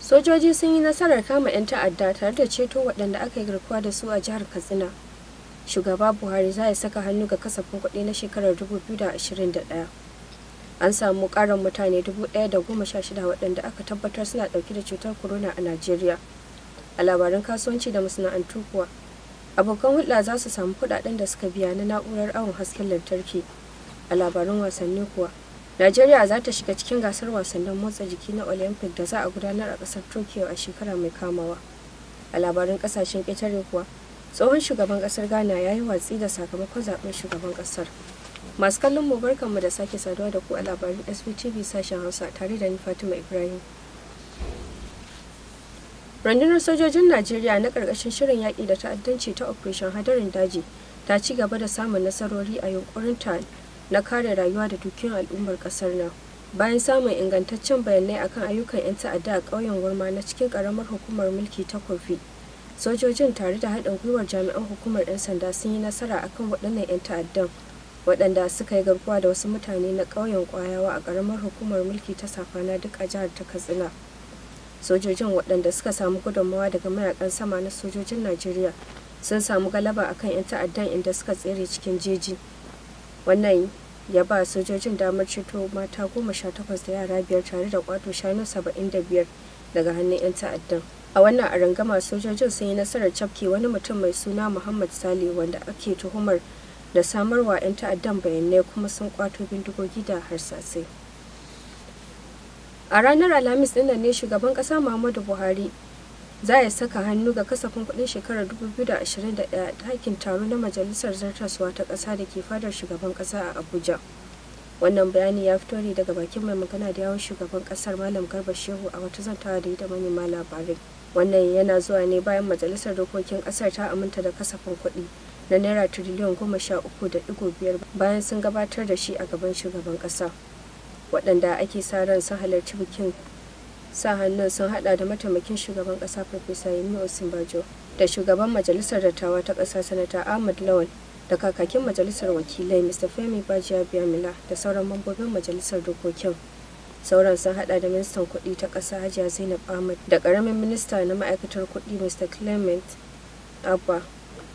sojoji sun yi nasarar kama 'yan ta'adda tare da ceto waɗanda aka yi garkuwa da su a jihar katsina shugaba buhari za ya saka hannu ga kasafin kuɗi na shekarar 2021 an samu karin mutane 1,016 waɗanda aka tabbatar suna ɗauki da cutar corona a najeriya a labarin kasuwanci da masana'antu kuwa abokan hulɗa za su samu kuɗaɗen da suka biya na na'urar awon hasken lantarki a labarin wasanni kuwa najeriya za ta shiga cikin gasar wasannin motsa jiki na olympic da za a gudanar a ƙasar tokyo a shekara mai kamawa a labarin ƙasashen ƙetare kuwa tsohon shugaban ƙasar ghana ya yi watsi da sakamakon zaɓen shugaban ƙasar masu kallon mu barkanmu da sake saduwa da ku a labarin SBTV sashen Hausa tare da ni Fatima Ibrahim. Rundunar sojojin Najeriya na karkashin shirin yaƙi da ta'addanci ta Operation Hadarin Daji ta ci gaba da samun nasarori a yunkurinta na kare rayuwa da dukiyar al'ummar kasar nan. Bayan samun ingantaccen bayanai akan ayyukan 'yan ta'adda a ƙauyen Gurma na cikin ƙaramar hukumar mulki ta Kofi, sojojin tare da haɗin gwiwar jami'an hukumar 'yan sanda sun yi nasara akan waɗannan 'yan ta'addan. waɗanda suka yi garkuwa da wasu mutane na ƙauyen ƙwayawa a ƙaramar hukumar mulki ta safana duk a jihar ta katsina sojojin waɗanda suka samu gudunmawa daga mayakan sama na sojojin najeriya sun samu galaba akan 'yan ta'addan inda suka tsere cikin jeji wannan ya ba sojojin damar ceto mata goma sha takwas da yara biyar tare da kwato shanu saba'in da biyar daga hannun 'yan ta'addan a wannan arangama sojojin sun yi nasarar cafke wani mutum mai suna muhammad sale wanda ake tuhumar da samarwa 'yan ta'addan bayanai kuma sun kwato bindigogi da harsasai a ranar alhamis ɗin ne shugaban kasa muhammadu buhari za ya saka hannu ga kasafin kudin shekarar 2021 ta hakin taro na majalisar zartaswa ta kasa da ke fadar shugaban kasa a abuja wannan bayani ya fito ne daga bakin mai magana da yawon shugaban ƙasar malam garba shehu a wata zantawa da yi da manema labarai wannan yana zuwa ne bayan majalisar dokokin ƙasar ta aminta da kasafin kudi. na naira tiriliyan goma sha uku da digo biyar bayan sun gabatar da shi a gaban shugaban kasa. waɗanda ake sa ran sun halarci bikin sa hannun sun hada da mataimakin shugaban ƙasa farfesa yemi osinbajo da shugaban majalisar dattawa ta ƙasa sanata ahmad lawal da kakakin majalisar wakilai mr femi bajiya biyamila da sauran mambobin majalisar dokokin sauran sun hada da ministan kuɗi ta ƙasa hajiya zainab ahmad da karamin minista na ma'aikatar kuɗi mr clement abba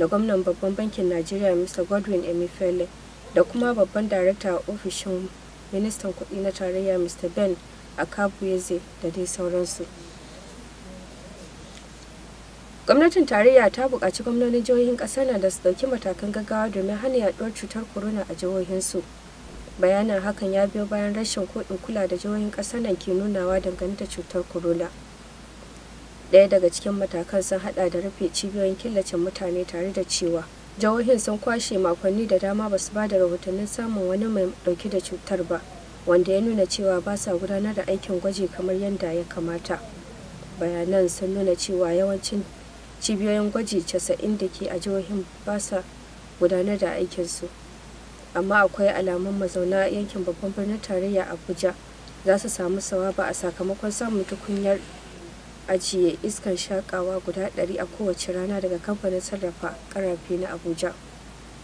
da gwamnan babban bankin najeriya mr godwin emifele da kuma babban darakta a ofishin ministan kudi na tarayya mr ben akabueze da dai sauransu gwamnatin tarayya ta buƙaci gwamnonin jihohin ƙasar na da su ɗauki matakan gaggawa domin hana yaduwar cutar corona a jihohinsu bayanin hakan ya biyo bayan rashin koɗin kula da jihohin ƙasar nan ke nunawa dangane da cutar corona daya daga cikin matakan sun hada da rufe cibiyoyin killace mutane tare da cewa jihohin sun kwashe makonni da dama ba su ba da rahotannin samun wani mai dauke da cutar ba wanda ya nuna cewa ba sa gudanar da aikin gwaji kamar yadda ya kamata bayanan sun nuna cewa yawancin cibiyoyin gwaji 90 da ke a jihohin ba sa gudanar da aikinsu amma akwai alamun mazauna yankin babban birnin tarayya abuja za su samu sawaba a sakamakon samun tukunyar ajiye iskar shakawa guda 100 a kowace rana daga kamfanin sarrafa karafe na abuja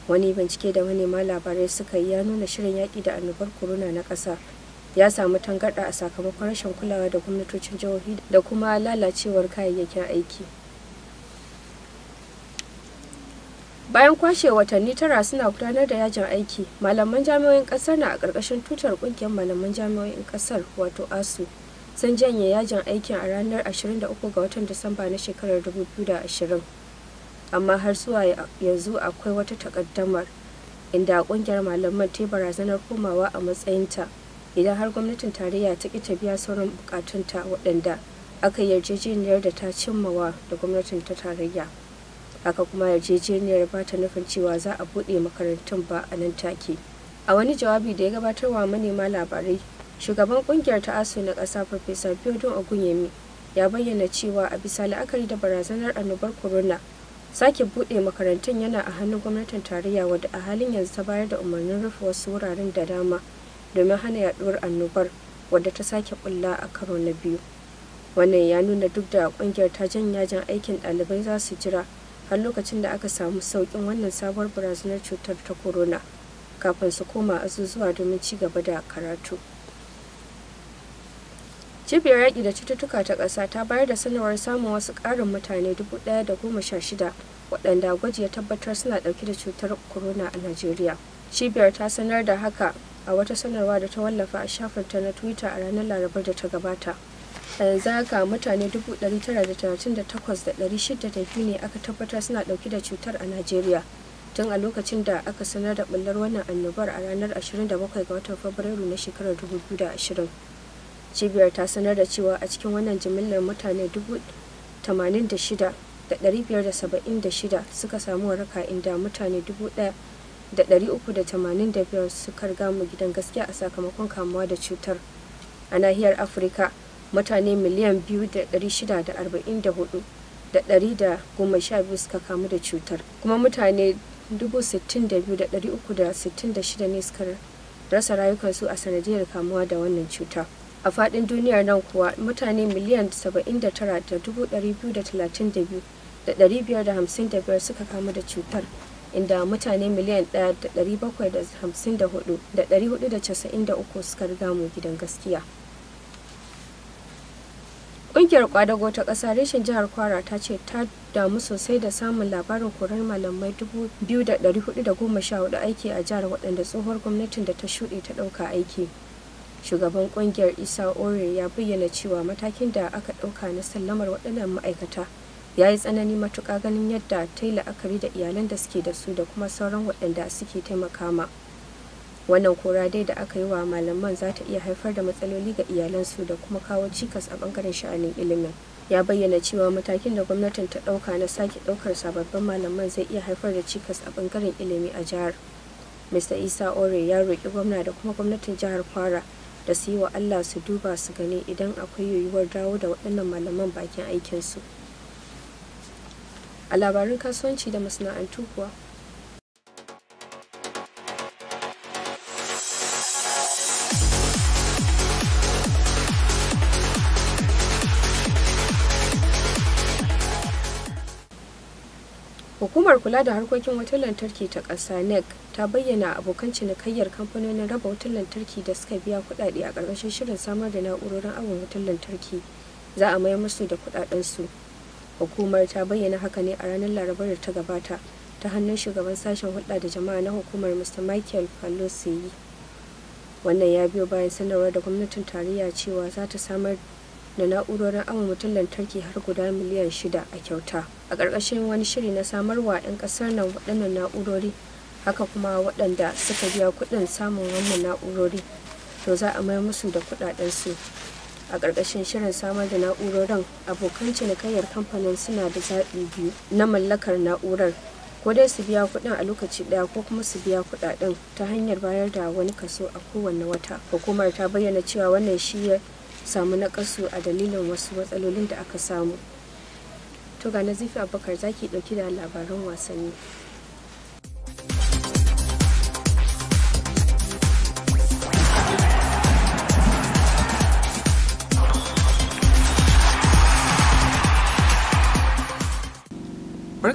wani bincike da manema labarai suka yi ya nuna shirin yaƙi da annobar corona na ƙasa ya samu tangarɗa a sakamakon rashin kulawa da gwamnatocin jihohi da kuma lalacewar kayayyakin aiki bayan kwashe watanni tara suna gudanar da yajin aiki malaman jami'o'in ƙasar na a ƙarƙashin tutar ƙungiyar malaman jami'o'in ƙasar wato asu sun janye yajin aikin a ranar 23 ga watan Disamba na shekarar 2020. Amma har zuwa yanzu akwai wata takaddamar inda kungiyar malaman ta barazanar komawa a matsayinta idan har gwamnatin tarayya ta ƙi ta biya sauran bukatunta waɗanda aka yarjejeniyar da ta cimmawa da gwamnatin ta tarayya. Haka kuma yarjejeniyar ba ta nufin cewa za a buɗe makarantun ba a nan take. A wani jawabi da ya gabatarwa manema labarai shugaban kungiyar ta aso na ƙasa farfesa biodun ogunyemi ya bayyana cewa a bisa la'akari da barazanar annobar corona sake bude makarantun yana a hannun gwamnatin tarayya wadda a halin yanzu ta bayar da umarnin rufe wasu wuraren da dama domin hana yaduwar annobar wadda ta sake bulla a karo na biyu wannan ya nuna duk da kungiyar ta janya jan aikin dalibai za su jira har lokacin da aka samu saukin wannan sabuwar barazanar cutar ta corona kafin su koma azuzuwa domin ci gaba da karatu. cibiyar yaƙi da cututtuka ta ƙasa ta bayar da sanarwar samun wasu ƙarin mutane dubu ɗaya da goma sha shida waɗanda gwaji ya tabbatar suna ɗauke da cutar corona a najeriya cibiyar ta sanar da haka a wata sanarwa da ta wallafa a shafin ta na twitter a ranar larabar da ta gabata a yanzu haka mutane dubu da da ɗari shida da ne aka tabbatar suna ɗauke da cutar a najeriya tun a lokacin da aka sanar da ɓullar wannan annobar a ranar 27 ga watan fabrairu na shekarar 2020 cibiyar ta sanar da cewa a cikin wannan jimillar mutane 86,576 suka samu waraka inda mutane 1,385 suka gamu gidan gaskiya a sakamakon kamuwa da cutar a nahiyar afirka mutane miliyan 2,644 da 112 suka kamu da cutar kuma mutane 62,366 ne suka rasa rayukansu a sanadiyar kamuwa da wannan cuta a fadin duniyar nan kuwa mutane miliyan 79,232,555 suka kamu da cutar inda mutane miliyan 1,754,493 suka riga mu gidan gaskiya ƙungiyar kwadago ta ƙasa reshen jihar kwara ta ce ta damu sosai da samun labarin korar malamai 2,414 aiki a jihar waɗanda tsohuwar gwamnatin da ta shuɗe ta ɗauka aiki shugaban kungiyar isa ore ya bayyana cewa matakin da aka dauka na sallamar waɗannan ma'aikata ya yi tsanani matuƙa ganin yadda ta yi la'akari da iyalan da suke da su da kuma sauran waɗanda suke taimaka ma wannan kora dai da aka yi wa malaman za ta iya haifar da matsaloli ga iyalansu da kuma kawo cikas a bangaren sha'anin ilimin ya bayyana cewa matakin da gwamnatin ta ɗauka na sake ɗaukar sababbin malaman zai iya haifar da cikas a bangaren ilimi a jihar mr isa ore ya roƙi gwamna da kuma gwamnatin jihar kwara da su yi wa Allah su duba su gani idan akwai yiwuwar dawo da waɗannan malaman bakin aikinsu. A labarin kasuwanci da masana'antu kuwa, Hukumar kula da harkokin wutar lantarki ta ƙasa NEC ta bayyana abokan cinikayyar kamfanonin raba wutar lantarki da suka biya kuɗaɗe a ƙarƙashin shirin samar da na'urorin awon wutar lantarki za a mayar musu da kuɗaɗensu hukumar ta bayyana haka ne a ranar larabar da ta gabata ta hannun shugaban sashen hulɗa da jama'a na hukumar mr michael falosi wannan ya biyo bayan sanarwar da gwamnatin tarayya cewa za ta samar da na'urorin awon wutar lantarki har guda miliyan shida a kyauta a ƙarƙashin wani shiri na samarwa 'yan ƙasar nan waɗannan na'urori haka kuma waɗanda suka biya kuɗin samun wannan na'urori to za a mayar musu da kuɗaɗen su a ƙarƙashin shirin samar da na'urorin abokan cinikayyar kamfanin suna da zaɓi biyu na mallakar na'urar ko dai su biya kuɗin a lokaci ɗaya ko kuma su biya kuɗaɗen ta hanyar bayar da wani kaso a kowane wata hukumar ta bayyana cewa wannan shi ya samu naƙasu a dalilin wasu matsalolin da aka samu to ga nazifi abubakar zaki ɗauki da labaran wasanni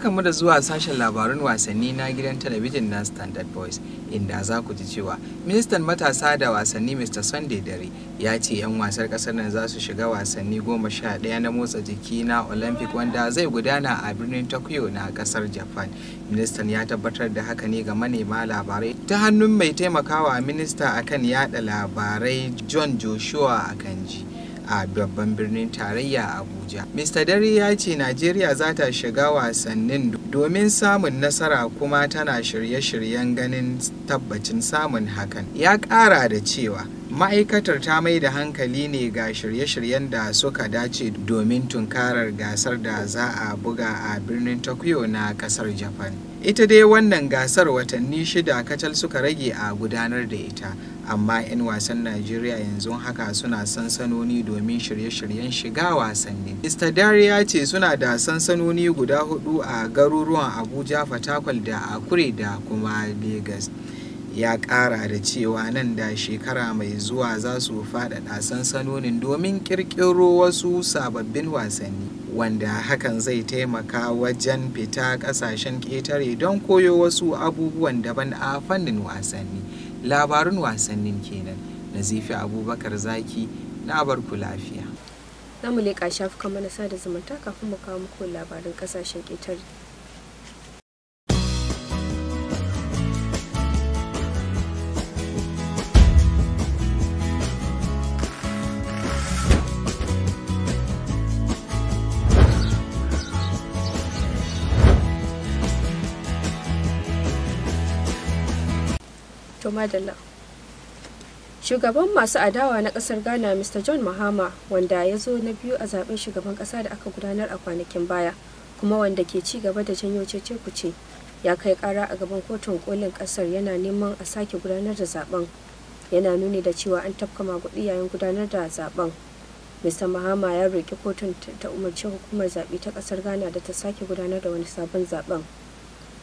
Barkanmu da zuwa sashen labarun wasanni na gidan talabijin na Standard boys inda za ku ji cewa ministan matasa da wasanni Mr. Sunday Dare ya ce 'yan wasar kasar nan za su shiga wasanni goma sha ɗaya na motsa jiki na Olympic wanda zai gudana a birnin Tokyo na kasar Japan. Ministan ya tabbatar da haka ne ga manema labarai ta hannun mai taimakawa minista akan yada labarai John Joshua a kanji. a babban birnin tarayya Abuja. Mr. Dare ya ce Najeriya za ta shiga wasannin domin samun nasara kuma tana shirye-shiryen ganin tabbacin samun hakan. Ya ƙara da cewa ma'aikatar ta mai da hankali ne ga shirye-shiryen da suka dace domin tunkarar gasar da za a buga a birnin tokyo na kasar japan ita dai wannan gasar watanni shida kacal suka rage a gudanar da ita amma 'yan wasan najeriya yanzu haka suna sansanoni domin shirye-shiryen shiga wasanni mr ya ce suna da sansanoni guda hudu a garuruwan abuja fatakwal da akure da kuma Legas. ya ƙara da cewa nan da shekara mai zuwa za su faɗaɗa sansanonin domin ƙirƙiro wasu sababbin wasanni wanda hakan zai taimaka wajen fita ƙasashen ƙetare don koyo wasu abubuwan daban a fannin wasanni labarun wasannin kenan nazifi abubakar zaki na barku lafiya za mu leƙa shafukan manasa da zumunta kafin mu kawo muku labarin ƙasashen ƙetare madalla shugaban masu adawa na kasar ghana mr john mahama wanda ya zo na biyu a zaben shugaban kasa da aka gudanar a kwanakin baya kuma wanda ke ci gaba da janyo cece kuce ya kai kara a gaban kotun kolin kasar yana neman a sake gudanar da zaben yana nuni da cewa an tafka maguɗi yayin gudanar da zaben mr mahama ya roƙi kotun ta umarci hukumar zaɓe ta ƙasar ghana da ta sake gudanar da wani sabon zaben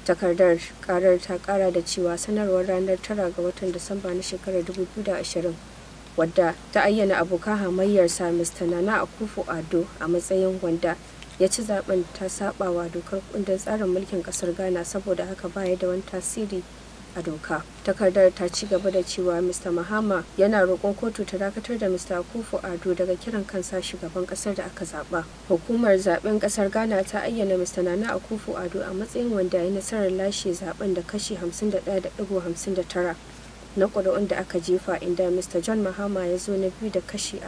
takardar karar ta kara da cewa sanarwar ranar tara ga watan disamba na shekarar 2020 wadda ta ayyana abokan hamayyar hamayyarsa mr nana akufo ado a matsayin wanda ya ci zaben ta sabawa dokar kundin tsarin mulkin kasar ghana saboda haka baya da wani tasiri a doka takardar ta ci gaba da cewa mr mahama yana roƙon kotu ta dakatar da mr akufo ado daga kiran kansa shugaban kasar da aka zaɓa hukumar zaɓen ƙasar ghana ta ayyana mr nana akufo ado a matsayin wanda ya nasarar lashe zaɓen da kashi 51.59 na ƙuri'un da aka jefa inda mr john mahama ya zo na biyu da kashi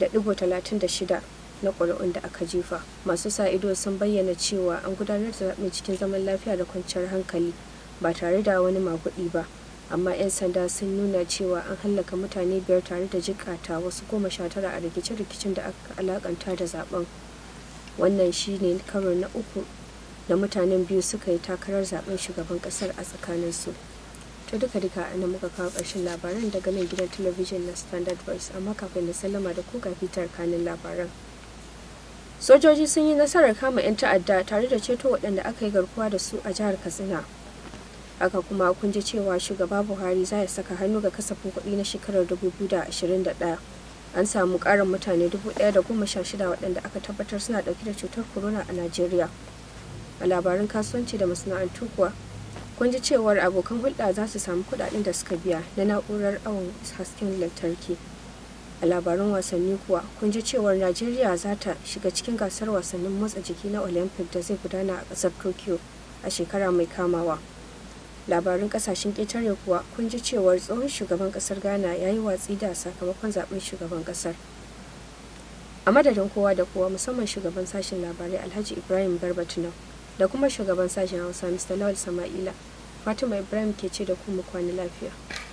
47.36 na ƙuri'un da aka jefa masu sa ido sun bayyana cewa an gudanar da zaɓen cikin zaman lafiya da kwanciyar hankali ba tare da wani makudi ba amma 'yan sanda sun nuna cewa an hallaka mutane biyar tare da jikata wasu goma sha tara a rikice-rikicen da aka alakanta da zaben wannan shine karo na uku da mutanen biyu suka yi takarar zaben shugaban kasar a tsakaninsu ta duka duka a nan muka kawo ƙarshen labaran daga nan gidan talabijin na standard voice amma kafin da sallama da kuka fitar kanin labaran sojoji sun yi nasarar kama 'yan ta'adda tare da ceto waɗanda aka yi garkuwa da su a jihar katsina haka kuma kun ji cewa shugaba buhari za ya saka hannu ga kasafin kuɗi na shekarar 2021 an samu ƙarin mutane 1,016 waɗanda aka tabbatar suna ɗauke da cutar corona a najeriya a labarin kasuwanci da masana'antu kuwa kun ji cewar abokan hulɗa za su samu kuɗaɗen da suka biya na na'urar awon hasken lantarki a labarin wasanni kuwa kun ji cewar najeriya za ta shiga cikin gasar wasannin motsa jiki na olympic da zai gudana a ƙasar tokyo a shekara mai kamawa labarun kasashen ketare kuwa kun ji cewar tsohon shugaban kasar ghana ya yi watsi da sakamakon zaben shugaban kasar a madadin kowa da kowa musamman shugaban sashen labarai alhaji ibrahim garba tunan da kuma shugaban sashen hausa mr lawal sama'ila fatima ibrahim ke ce da kuma kwani lafiya